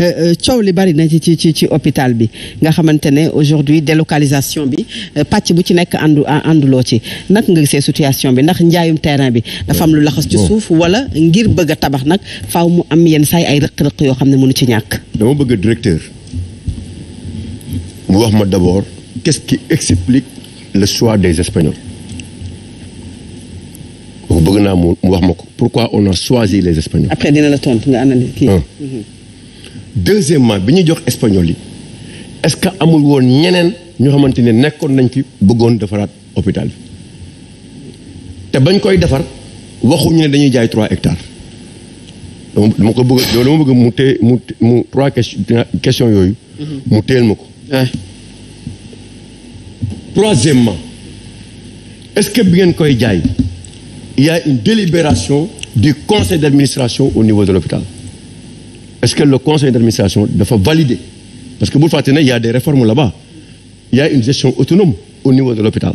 Euh, euh, coow li bari na ci ci ci ci hôpital bi nga xamante ne aujourd'hui délocalisation bi euh, pàcc bu ci nekk àndu ànduloo ci nag nga gisee situation bi ndax njaayum terrain bi dafa am lu laxas ci suuf wala ngir bëgg a tabax nag faw mu am yenn saay ay rëq-rëq yoo xam ne mënu ci ñàkk dama bëgg directeur mu wax ma d'abord qu'est-ce qui explique le choix des Espagnols bëgg naa mu wax ma ko pourquoi on a choisi les Espagnols après dina la tontu nga analyse kii deuxièmement bi ñuy jox espagnol yi est-ce que amul woon ñeneen ñoo xamante ne nekkoon nañ fi bëggoon defaraat hôpital bi te bañ koy defar waxuñu ne dañuy jaay trois hectares dama ko bëgg loolu mu téye mu mu trois question yooyu mm-hmm. mu téyel ma ko troisièmement est-ce que bi ngeen koy jaay il y a une délibération du conseil d'administration au niveau de l'hôpital est-ce que le conseil d'administration dafa valider parce que bu fàtte ne y a des réformes là-bas il y a une gestion autonome au niveau de l'hôpital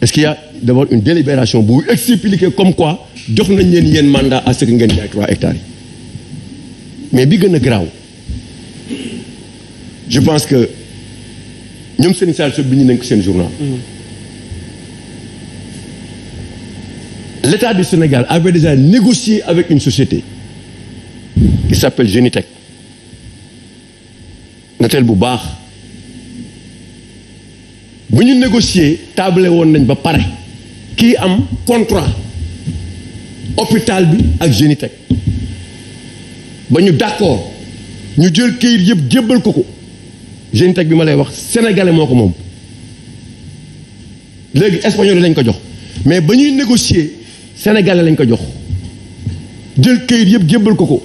est-ce qu'il y a d'abord une délibération bu expliquer comme quoi jox nañ leen yéen mandat à ce que ngeen jaay 3 hectares mais bi gën a garaaw je pense que ñoom seen saal so bi ñu nekk seen journal mm-hmm. l'État du Sénégal avait déjà négocié avec une société qui s'appelle Genitech nateel bu baax ba ñu négocier table woon nañ ba pare kii am contrat hôpital bi ak Genitech ba ñu d'accord ñu jël këyit yëpp jébbal ko ko Genitech bi ma lay wax sénégalais moo ko moom léegi espagnol lañ ko jox mais ba ñuy négocier sénégalais lañ ko jox jël këyit yëpp jébbal ko ko.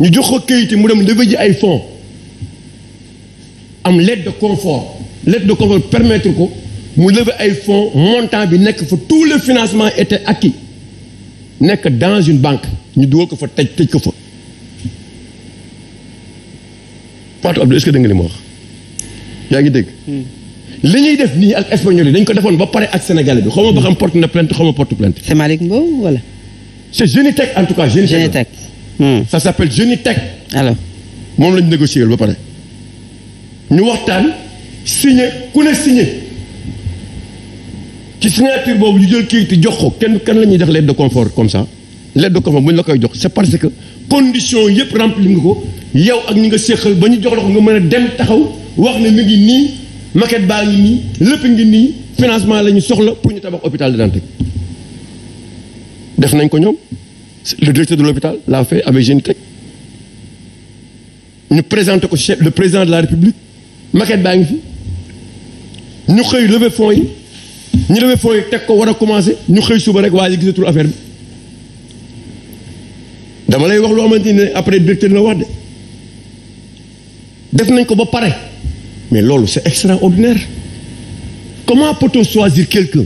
ñu jox ko kayit mu dem lever ji ay fonds am lettre de confort lettre de confort permettre ko mu lever ay fonds montant bi nekk fa tout le financement était acquis nekk dans une banque ñu dugal ko fa tëj tëj ko fa Fatou Abdou est-ce que dégg nga li yaa ngi dégg. Hmm. li ñuy def nii ak espagnol yi dañ ko defoon ba pare ak sénégalais bi xaw ma ba xam porte na plainte xaw porte plainte. c'est Malick Mbow wala. c'est Génitech en tout cas Génitech. Hmm. ça s'appelle Genitec. alors moom lañ négocier ba pare. ñu waxtaan signé ku ne signé ci signature boobu ñu jël kayit jox ko kenn kan la ñuy jox lettre de confort comme ça lettre de confort bu ñu la koy jox c'est parce que condition yëpp rempli nga ko yow ak ñi nga séqal ba ñu jox la ko nga mën a dem taxaw wax ne mi ngi nii maquette baa ngi nii lépp ngi nii financement la ñu soxla pour ñu tabax hôpital de Dantec def nañ ko ñoom. le directeur de l'hôpital l'a fait avec Génitech ñu présenté ko chef le président de la république maquette baa ngi fi ñu xëy lever fonds yi ñu lever fonds yi teg ko war a commencé ñu xëy suba rek waaye ji gisatul affaire bi dama lay wax loo xamante ne après directeur la wax de def nañ ko ba pare mais loolu c'est extraordinaire comment peut-on choisir quelqu'un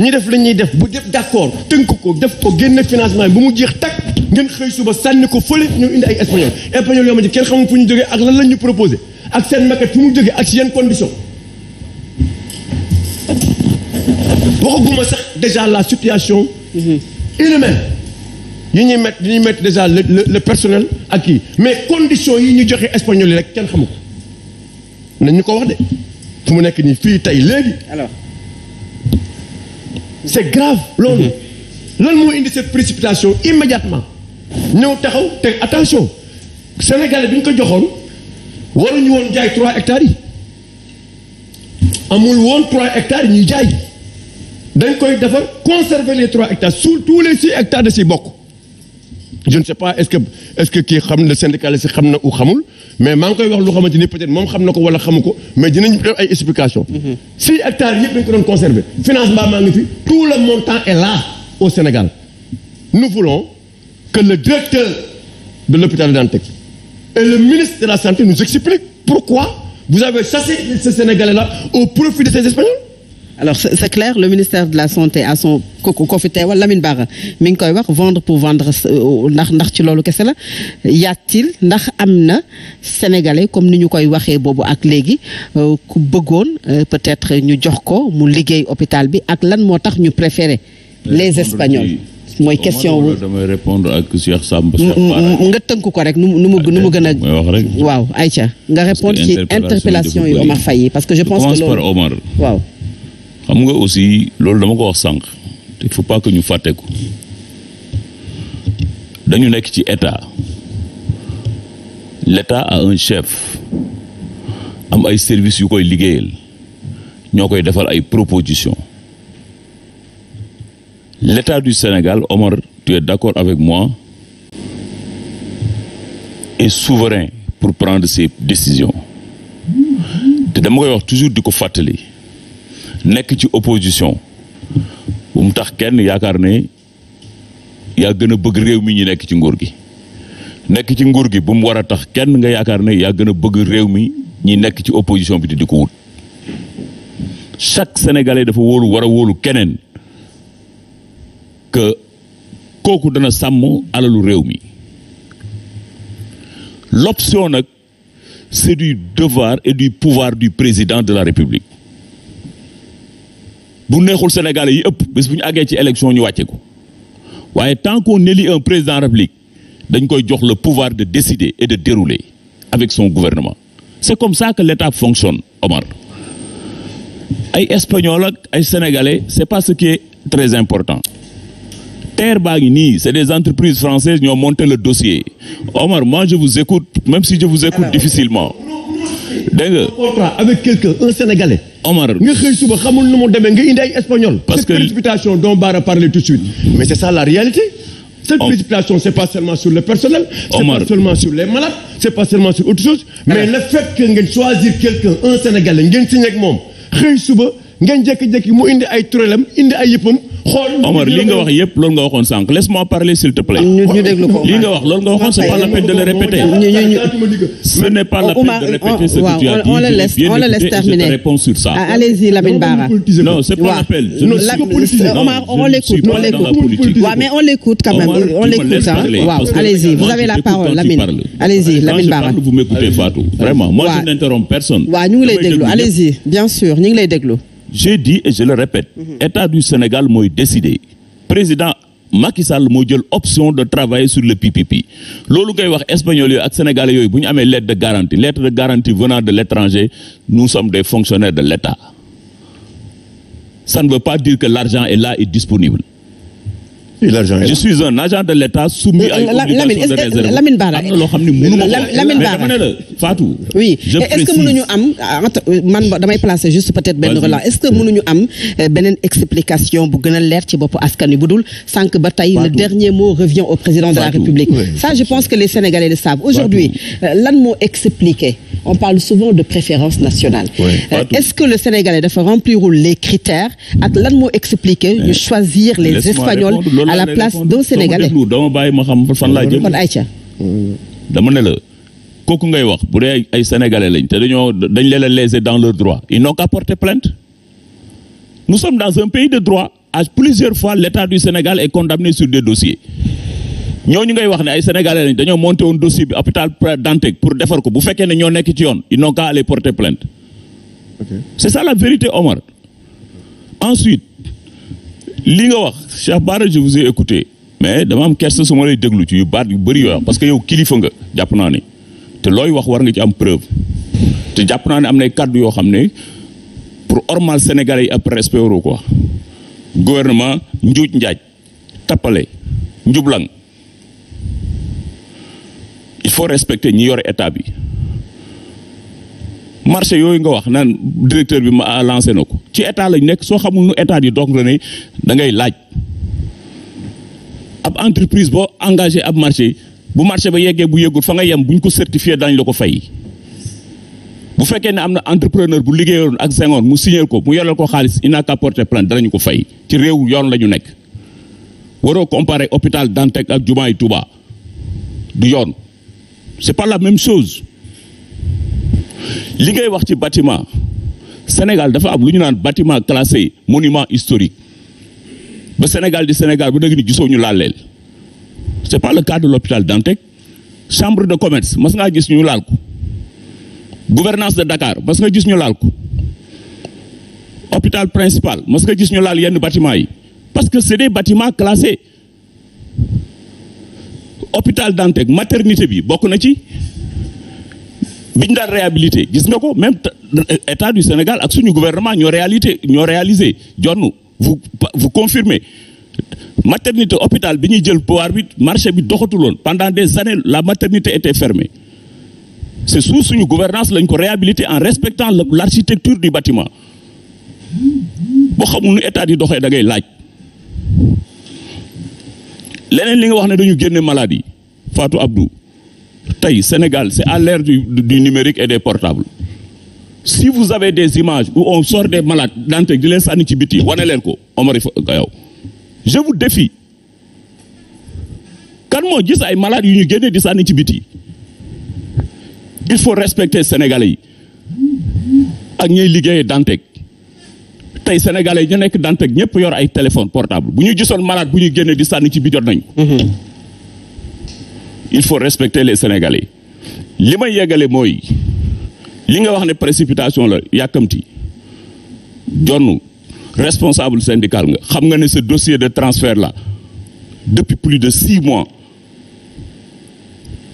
ñi def la ñuy def bu def d'accord tënk ko def ko génn financement bi bu mu jeex takk ngeen xëy suba sànni ko fële ñu indi ay espagnol espagnol yoo ma ci kenn xamul fu ak lan la ñu proposé ak seen maquette fu mu jógee ak si yenn condition waxaguma sax déjà la situation mhm. inhumaine yi ñuy mettre ñuy mettre déjà le le personnel ak kii mais condition yi ñu joxe espagnol yi rek kenn xamu ko nañ ñu ko wax de fu mu nekk nii fii tey léegi c'est grave loolu mhm. lan moo indi cette précipitation immédiatement ñëw taxaw te attention sénégalais bi ñu ko joxoon waruñu woon jaay trois hectares yi amul woon trois hectares ñuy jaay dañ koy defar conserver les trois hectares su tous les six hectares da si bokk je ne sais pas est-ce que est-ce que kii xam na xam na ou xamul mais maa wax lu xamante ni peut-être moom xam na ko wala xamu ko mais dinañ def ay explication mhm. si hectares yëpp dañ ko doon conserver financement maa tout le montant est là au Sénégal nous voulons que le directeur de l'hôpital Dantec et le ministre de la santé nous expliquent pourquoi vous avez chassé ces Sénégalais-là au profit de ces Espagnols alors c'est clair le ministère de la santé à son ko fi teewal Lamine Bara mi ngi koy wax vendre pour vendre euh, ndax ndax ci loolu kese la yaatil ndax am na sénégalais comme ni ñu koy waxee boobu ak léegi euh, ku bëggoon euh, peut-être ñu jox ko mu liggéey hôpital bi ak lan moo tax ñu préféré les espagnols mooy question wu damay répondre ak nga tënk ko rek nu mu nu mu gën a. wax rek waaw Aïcha nga répondre ci interpellation yu Omar Faye parce que je pense que loolu waaw. xam nga aussi loolu dama ko wax sànq te il faut pas que ñu fàtte ko dañu nekk ci état l'état a un chef am ay services yu koy liggéeyal ñoo koy defal ay propositions l'état du Sénégal Omar tu es d'accord avec moi et souverain pour prendre ses décisions te dama koy wax toujours di ko fàttali. nekk ci opposition bu mu tax kenn yaakaar ne yaa gën a bëgg réew mi ñu nekk ci nguur gi nekk ci nguur gi bu mu war a tax kenn nga yaakaar ne yaa gën a bëgg réew mi ñi nekk ci opposition bi te di ko wut chaque sénégalais dafa wóolu war a wóolu keneen kooku dana sàmm alalu réew mi l'option nag c'est du devoir et du pouvoir du président de la République bu neexul Sénégalais yi ëpp bés bu ñu àggee ci élection ñu wàcce ko waaye tant qu'on élit un président de République dañ koy jox le pouvoir de décider et de dérouler avec son gouvernement c'est comme ça que l'État fonctionne Omar ay espagnol ak ay sénégalais c'est parce ce qui très important terre baa ngi nii c'est des entreprises françaises ñoo monté le dossier Omar moi je vous écoute même si je vous écoute difficilement dégg nga avec quelqu'un Omar. nga xëy suba xamul nu mu demee nga indi ay espagnol. parce que cette précipitation dont Bara parlait tout de suite mais c'est ça la réalité. cette précipitation c'est pas seulement sur le personnel. Omar c'est pas seulement sur les malades. c'est pas seulement sur autre chose. mais eh. le fait ngeen choisir quelqu'un un Sénégalais ngeen signé ak moom xëy suba ngeen jékki-jékki mu indi ay turelam indi ay yëppam. Omar lii nga wax yëpp loolu nga waxoon sànq laisse-moi parler s'il te plaît. ñu déglu ko lii nga wax loolu nga waxoon c'est pas la peine de le répéter. ce n'est pas la peine de répéter ce que tu as dit. on le laisse on le laisse terminer. je te réponds sur ça. Ah, allez-y Lamine Bara. non c'est pas la peine. je ne suis pas politisé. Omar on l'écoute on l'écoute. waaw mais on l'écoute quand même on l'écoute ah waaw allez-y vous avez la parole Lamine. allez-y Lamine Bara. vous m'écoutez Fatou. vraiment moi je n'interromps personne. waaw ñu ngi lay déglu allez-y bien sûr ñu ngi lay déglu. j'ai dit et je le répète mhm. état du Sénégal mooy décidé président Macky Sall moo jël option de travailler sur le PPP loolu ngay wax espagnol yooyu ak sénégalais yooyu bu ñu amee lettre de garantie lettre de garantie venant de l'étranger nous sommes des fonctionnaires de l'État ça ne veut pas dire que l'argent est là et disponible Et l'argent. Je suis un agent de l'État soumis à une obligation de réserve. Lamine Bara am na loo xam ne mënu ma ko. Lamine la Fatou. oui est-ce que mënuñu am ah, euh, man damay placer juste peut-être benn relance est-ce que mënuñu am euh, beneen explication bu gën a leer ci bopp askan wi bu dul sànq ba tey le dernier mot revient au président de la République. ça je pense que les Sénégalais le savent. aujourd'hui euh, lan moo expliqué. on parle souvent de préférence nationale. Euh, est-ce que le Sénégalais dafa remplirul les critères ak lan moo expliquer ñu eh, choisir les Espagnols à la place d'un Sénégalais. dama bàyyi ne la kooku ngay wax bu dee ay Sénégalais lañ dañoo dañ leen a dans leur droit ils n'ont qu'à porter plainte. nous sommes dans un pays de droit à plusieurs fois l'État du Sénégal est condamné sur des dossiers. ñu ngay wax ne ay sénégalais lañ dañoo monté woon dossier bi hôpital Dantec pour defar ko bu fekkee ne ñoo nekk ci yoon ils n'ont qu'à aller porter plainte c'est ça la vérité Omar ensuite li nga wax Cheikh Bara je vous mais dama am kersa su ma lay déglu ci yu baat yu bëri yoo parce que yow kilifa nga jàpp naa ne te looy wax war nga ci am preuve te jàpp naa ne am nay kàddu yoo xam ne pour ormal sénégalais yi ab respect quoi gouvernement njuuj njaaj tappale njublang foo faut respecter ñi yore état bi marché yooyu nga wax naan directeur bi ma lancé na ko ci état lañ nekk soo xamul nu état di donc ne da ngay laaj ab entreprise boo engagé ab marché bu marché ba yeggee bu yëgul fa nga yem bu ko certifier daañu la ko fay bu fekkee ne am na entrepreneur bu liggéeyoon ak Senghor mu signé ko mu yoreel ko xaalis il n'a qu'à porter plainte danañu ko fay ci réew yoon la ñu nekk waroo comparer hôpital Dantec ak jumaay Touba du yoon. c'est pas la même chose li ngay wax ci bâtiment Sénégal dafa am lu ñu naan bâtiment classé monument historique ba Sénégal di Sénégal ba dëgg ni gisoo ñu laaleel c'est pas le cas de l'hôpital Dantec chambre de commerce mas ngaa gis ñu laal ko gouvernance de Dakar mas nga gis ñu laal ko hôpital principal mas nga gis ñu laal yenn bâtiment yi parce que c'est des bâtiments classés hôpital Dantec maternité bi bokk na ci biñ ñu réabilité gis nga ko même euh, état du Sénégal ak suñu gouvernement ñoo réalité ñoo réalisé jonn vous vous confirmez maternité hôpital bi ñuy jël pouvoir bi marché bi doxatuloon pendant des années la maternité était fermée c'est sous suñu gouvernance lañ ko réabilité en respectant l'architecture du bâtiment boo xamul nu état di doxee da ngay laaj leneen li nga wax na dañu génne malade yi Fatou Abdou tey Sénégal c'est à l'ère du, du numérique et des portables si vous avez des images ou on sort des malades dante di leen sànni ci biti wane leen ko Omar Fof Gayaw euh, je vous défie kan moo gis ay malades yu ñu génne di sànni ci biti il faut respecter sénégalais yi ak ñuy liggéeyee Dantec tey sénégalais ñu nekk dant ak ñëpp yor ay téléphone portable bu ñu gisoon malade bu ñu génne di sànni ci bi jot nañ mhm. il faut respecter les sénégalais li may yeggale mooy li nga wax ne précipitation la yàkkamti jonn responsable syndical nga xam nga ne ce dossier de transfert la depuis plus de six mois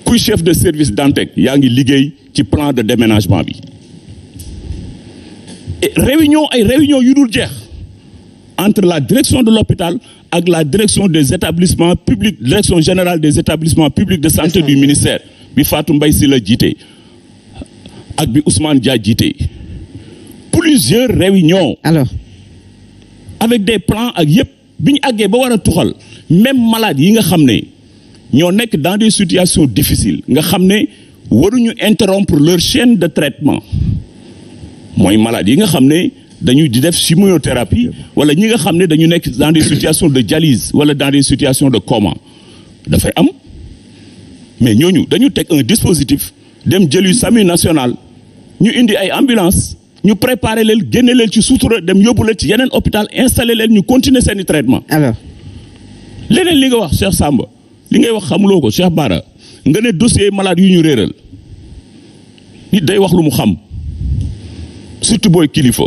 kuy chef de service Dantec yaa ngi liggéey ci plan de déménagement bi réunion ay réunion yu dul jeex entre la direction de l'hôpital ak la direction des établissements publics direction générale des établissements publics de santé du ministère bi Fatou Mbaye si la jiite ak bi Ousmane Dia jiite plusieurs réunions alors avec des plans ak yëpp bi ñu àggee ba war a tuxal même malade yi nga xam ne ñoo nekk dans des situations difficiles nga xam ne waruñu interrompre leur chaîne de traitement mooy malade yi nga xam ne dañuy di def chimiothérapie wala ñi nga xam ne dañu nekk dans des situations de dialyse wala dans des situations de coma dafay am mais ñooñu dañu teg un dispositif dem jël jëli SAMU national ñu indi ay ambulance ñu préparer leen génne leen ci sutura dem yóbbu leen ci yeneen hôpital installé leen ñu continuer seeni traitement alors leneen li nga wax Cheikh Samba li ngay wax xamuloo ko Cheikh Bara nga ne dossier malade yu ñu réeral nit day wax lu mu xam surtout booy kilifa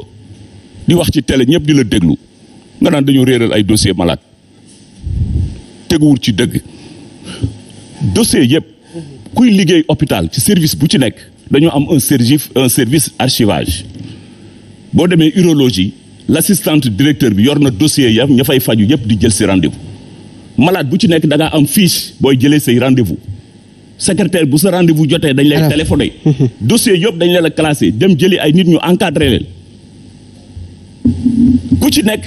di wax ci télé ñëpp di la déglu nga naan dañu réeral ay dossier malade teguwul ci dëgg dossier yëpp kuy liggéey hôpital ci service bu ci nekk dañoo am un service un service archivage boo demee urologie l'assistante directeur bi yor na dossier yam ña fay faju yëpp di jël si rendez malaat bu ci nekk da am fiche booy jëlee say rendez-vous secrétaire bu sa rendez-vous jotee dañ lay téléphoné dossier yëpp dañ leen a classé dem jëli ay nit ñu encadré ku ci nekk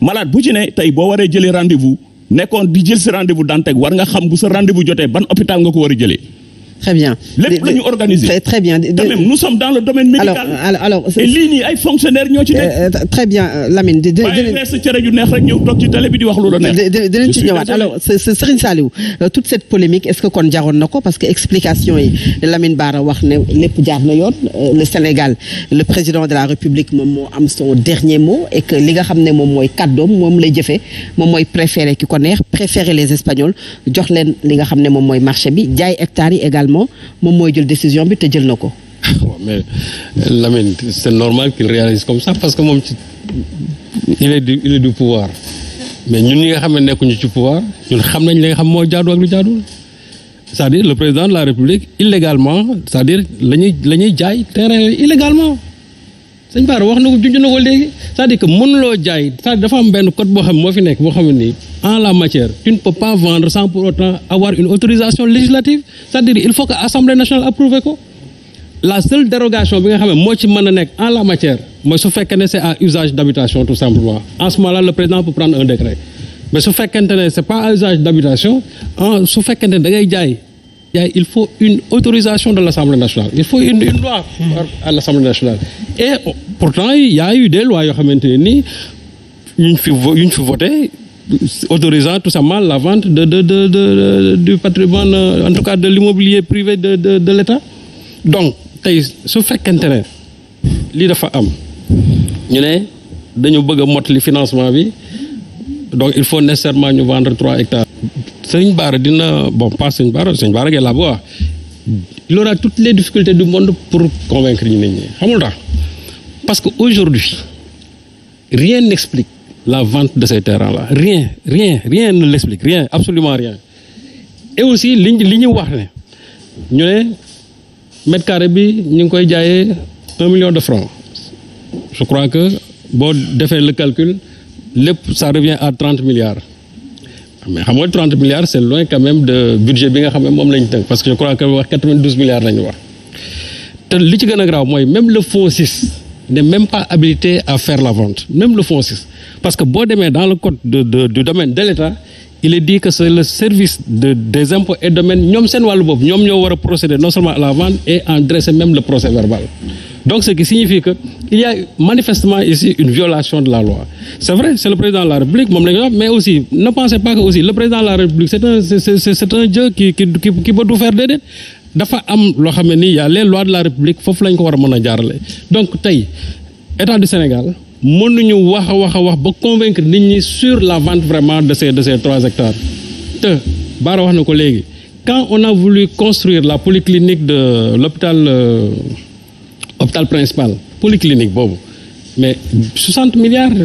malade bu ci ne tey boo waree jëli rendez-vous nekkoon di jël si rendez-vous Dantec war nga xam bu sa rendez-vous jotee ban hôpital nga ko war a jëlee très bien lépp la ñu organiser. très très de même ñoo ci nekk. Euh, euh, très bien euh, Lamine. di cere ju neex rek ñëw toog ci télé bi di wax lu la neex. dinañ ci ñëwaat alors Serigne Saliou toute kon jaroon na ko parce que explication yi Lamine Bara wax ne lépp jaar na yoon le Sénégal le président de la République moom moo am soo dernier mot et que li nga xam ne moom mooy kàddoom moom lay jëfee moom mooy préféré ki ko neex préféré les Espagnols jox leen li nga xam ne moom mooy marché bi jaay hectares yi également moom mooy jël décision bi te jël na ko. mais Lamine c'est normal qu'il réalise comme ça parce que moom ci il est du pouvoir mais ñun ñi nga xam ne nekkuñu ci pouvoir ñun xam nañ li nga xam moo jaadu ak lu jaadul c'est-à-dire le président de la République illégalement c'est-à-dire la ñuy la ñuy jaay terrain illégalement. sëñ Bara wax na ko junj na ko léegi c'est-à-dire que mënuloo jaay c'est-à-dire dafa am benn code boo xam moo fi nekk boo xam ne nii. en la matière tu ne peux pas vendre sans pour autant avoir une autorisation législative c'est-à-dire il faut que assemblée nationale approuve ko la seule dérogation bi nga xam ne moo ci mën a nekk en la matière mooy su fekkee ne c'est à usage d'habitation tout simplement en ce moment-là le président peut prendre un décret mais su fekkente ne c'est pas à usage d'habitation su fekkente ne da ngay jaay jaay il faut une autorisation de l'Assemblée nationale il faut une, une loi à l'Assemblée nationale et pourtant il y yoo xamante ne nii ñu autorisant tout simplement la vente de, de, de, de du patrimoine, euh, en tout cas de l'immobilier privé de, l'État. Donc, tey su fekkente ne lii dafa am ñu ne dañu bëgg a mottali financement bi donc il faut nécessairement ñu vendre trois hectares. Sëñ Bara dina bon pas Sëñ Bara Sëñ Bara Gaye laa bu il aura toutes les difficultés du monde pour convaincre ñu nit ñi xamul tax parce que aujourd'hui rien n'explique la vente de ces terrains-là. Rien, rien, rien ne l'explique, rien, absolument rien. Et aussi, li ñu wax ne ñu ne mètre carré bi ñu ngi koy jaayee un million de francs je crois que boo defee le calcul lépp ça revient à trente milliards mais xam nga trente milliards c'est loin quand même de budget bi nga xam ne moom lañu tënk parce que je crois que wax quatre-vingt-douze milliards lañu wax te li ci gën a grave mooy même le fonds six n'est même pas habilité à faire la vente même le FONSIS parce que boo demee dans le code de, de, du domaine de l'État il est dit que c'est le service des impôts et domaines ñoom seen wàllu boobu ñoom ñoo war a procéder non seulement à la vente et en dresser même le procès verbal donc ce qui signifie que il y a manifestement ici une violation de la loi c'est vrai c'est le président de la République mais aussi ne pensez pas que le président de la République c'est dafa am loo xam ne nii y a les lois de la république foofu lañ ko war a mën a jaarale donc tey état du Sénégal mënuñu wax a wax a wax ba convaincre nit ñi sur la vente vraiment de ces de ces trois hectares te Bara wax na ko léegi quand on a voulu construire la polyclinique de l'hôpital euh, hôpital principal polyclinique boobu mais 60 milliards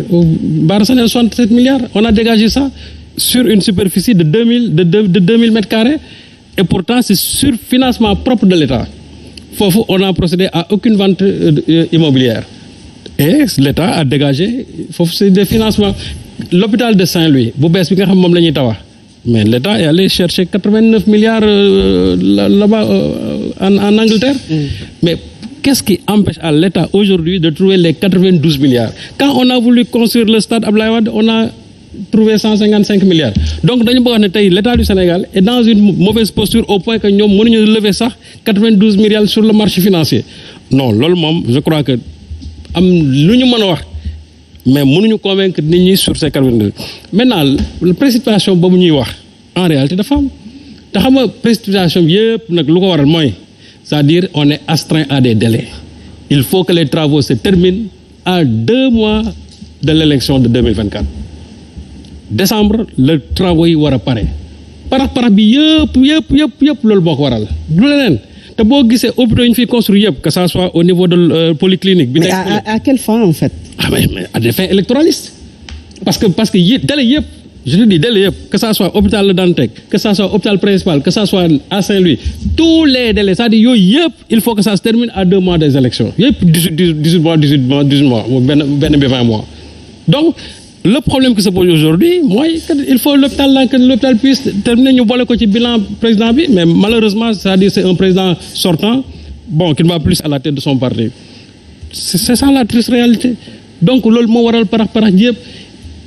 Bara Sané 67 milliards on a dégagé ça sur une superficie de 2000 de 2000 mètres carrés Et pourtant, c'est sur financement propre de l'État. Foofu, on n'a procédé à aucune vente euh, immobilière. Et l'État a dégagé foofu c'est des financements. L'hôpital de Saint-Louis bu bees bi nga xam moom la ñuy tabax mais l'État est allé chercher quatre-vingt-neuf milliards euh, là-bas euh, en, en Angleterre. Mm. Mais qu'est-ce qui empêche à l'État aujourd'hui de trouver les quatre-vingt-douze milliards? Quand on a voulu construire le stade Abdoulaye Wade, on a trouver cent cinquante cinq milliards donc dañu bëgg wax ne tey l' état du Sénégal est dans une mauvaise posture au point que ñoom mënuñu lever sax quatre vingt douze milliards sur le marché financier non loolu moom je crois que am lu ñu mën a wax mais mënuñu convaincre nit ñi sur ces quatre vingt douze maintenant boobu ñuy wax en réalité dafa am te xam nga précipitation bi yëpp nag lu ko waral mooy c'est-à-dire on est astreint à des délais il faut que les travaux se terminent à deux mois de l'élection de 2024 décembre la travaux yi war a pare parax parax bi yëpp yëpp yëpp yëpp loolu boo ko waral du leneen te boo gisee hôpitaux yi ñu fi construit yëpp que ça soit au niveau de euh, polyclinique bi. mais à à quelle fin en fait. ah des fins électoralistes parce que parce que yé délai yëpp je te dis délai yëpp que ça soit hôpital Le Dantec que ça soit hôpital principal que ça soit à Saint-Louis tous les délais c'est-à-dire yooyu yëpp il faut que ça se termine à deux mois des élections yëpp dix huit dix huit mois dix huit mois dix huit le problème qui se pose aujourd'hui mooy il faut l'hôpital là que l'hôpital puisse terminer ñu boole ko ci bilan président bi mais malheureusement c'est-à-dire c'est un président sortant bon qui ne va plus à la tête de son parti c'est ça la triste réalité donc loolu moo waral parax parax yëpp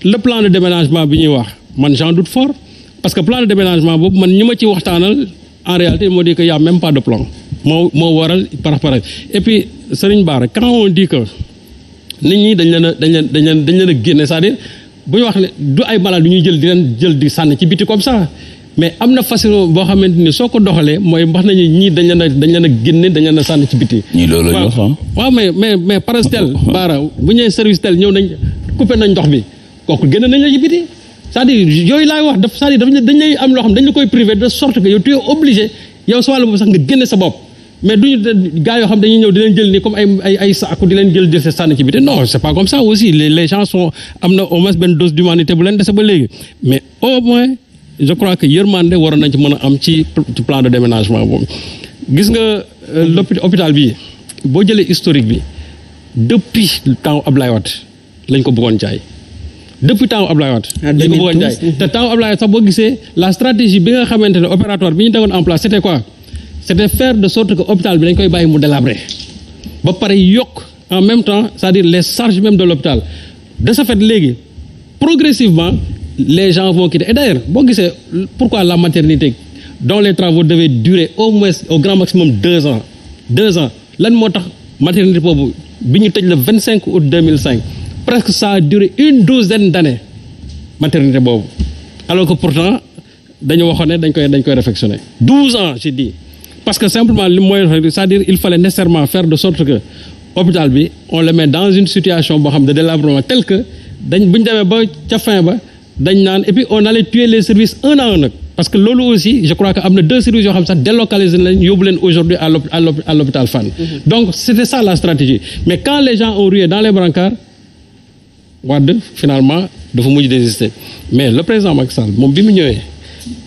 le plan de déménagement bi ñuy wax man j'en doute fort parce que plan de déménagement boobu man ñi ma ci waxtaanal en réalité moo di que y a même pas de plan moo moo waral parax parax et puis nit ñi dañ leen a dañ leen dañ leen dañ leen a génne cest à bu ñu wax ne du ay malade yu ñuy jël di leen jël di sànni ci biti comme ça mais am na façon boo xamante ni soo ko doxalee mooy wax nañu ñii dañ leen a dañ leen a génne dañ leen a sànni ci biti. ñii loolu la ñu ah. waaw mais mais mais parastel baara bu ñëwee service tel ñëw nañ coupé nañ ndox bi kooku génne nañ la ci biti cest à yooyu laay wax daf cest à lay am loo xam dañ la koy privé de sorte que yow tu es yow sa wàll boobu sax nga génne sa bopp. mais duñu gars yoo xam dañuy ñëw di leen jël ni comme ay saaku di leen jël jël sa sànni ci biti non c'est pas comme ça aussi les les gens sont am na au moins benn dose d'humanité bu leen dese ba léegi mais au moins je crois que yërmande waroon nañ ci mën a am ci plan de déménagement boobu gis nga euh, l'hôpital bi boo jëlee historique bi depuis temps Ablaye Wade lañ ko bëggoon jaay depuis temps Ablaye Wade lañ ko bëggoon jaay te temps Ablaye Wade sax boo gisee la stratégie bi nga xamante ne opératoire bi ñu tegoon en place c'était c'est de faire de sorte que hôpital bi dañ koy bàyyi mu délabré ba pare yokk en même temps c'est-à-dire les charges même de l'hôpital de ce fait léegi progressivement les gens vont quitter et d'ailleurs boo gisee pourquoi la maternité dont les travaux devaient durer au moins au grand maximum deux ans deux ans lan moo tax maternité boobu bi ñu tëj le vingt cinq août deux mille cinq presque ça a duré une douzaine d'années maternité boobu alors que pourtant dañu waxoon ne dañ koy dañ koy réfectionner douze ans j'ai dit parce que simplement li mooy cest à il fallait nécessairement faire de sorte que hôpital bi on le met dans une situation boo xam de délabrement tel que dañ bu ñu ba ca fin ba dañ naan et puis on allait tuer les services un à un nag parce que loolu aussi je crois que am na deux services yoo xam sax délocalisé nañ yóbbu leen aujourd'hui à l'hôpital Fann mm-hmm. donc c'était ça la stratégie mais quand les gens ont rué dans les brancards Wade finalement dafa moom bi mu ñëwee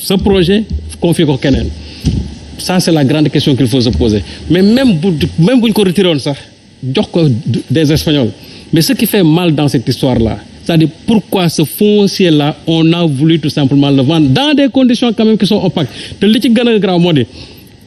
ce projet confié ko keneen ça c'est la grande question qu'il faut se poser mais même bu même bu ñu ko retiré woon sax jox ko des Espagnols mais ce qui fait mal dans cette histoire là c'est-à-dire pourquoi ce foncier là on a voulu tout simplement le vendre dans des conditions quand même qui sont opaques te li ci gën a grave moo di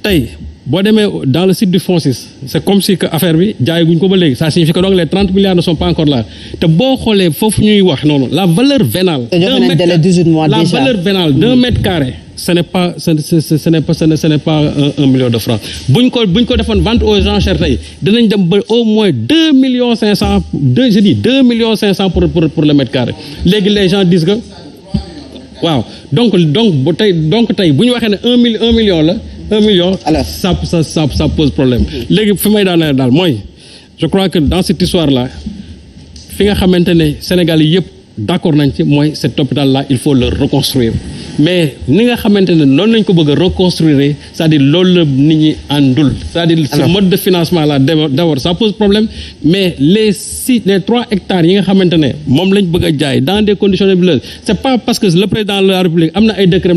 tey boo demee dans le site du FONSIS c' est comme si que affaire bi jaay guñ ko ba léegi ça signifie que donc les trente milliards ne pas encore là te boo xoolee foofu ñuy wax noonu la valeur vénale. la valeur vénale mm. ce n' pas ce ce n' est pas n' est pas un million de francs buñ ko buñ ko defoon vente aux enchères tey dinañ dem ba au moins deux millions cinq cent deux je dis deux millions cinq cent pour pour pour le mètre carré léegi les gens disent waaw donc donc tey donc tey bu ñu waxee ne un mil un million la. un million. alors ça ça ça ça pose problème. léegi fi may daaneel daal mooy je crois que dans cette histoire là fi nga xamante ne Sénégal yëpp d'accord nañ ci mooy cet hôpital là il faut le reconstruire mais ni nga xamante ne noon lañ ko bëgg a reconstruire c'est-à-dire loolu la nit ñi àndul. c'est-à-dire ce mode de financement là d'abord ça pose problème mais les trois hectares yi nga xamante ne moom lañ bëgg a jaay dans des conditions nébuleuses c'est pas parce que le président de la République am na ay décret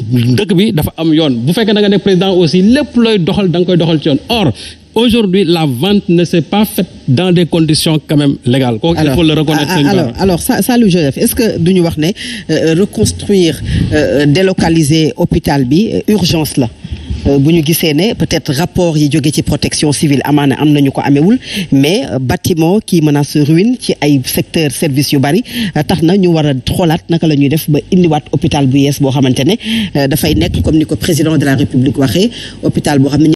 dëkk bi dafa am yoon bu fekkee da nga nekk président aussi lépp looy doxal danga koy doxal ci yoon or aujourd'hui la vente ne s'est pas faite dans des conditions quand même légales. alors il faut le reconnaître. Ah, alors alors Saliou Joseph est-ce que duñu wax ne euh, reconstruire euh, délocaliser hôpital bi euh, urgence la. Euh, bu ñu gisee ne peut-être rapport yi jóge ci protection civile amaana am nañu ko amewul mais euh, bâtiment qui menace ruine ci ay secteur service yu bari euh, tax na ñu war a xoolaat naka la ñuy def ba indiwaat hôpital bu yees boo xamante ne dafay nekk comme ni ko président de la république waxee hôpital boo xam ne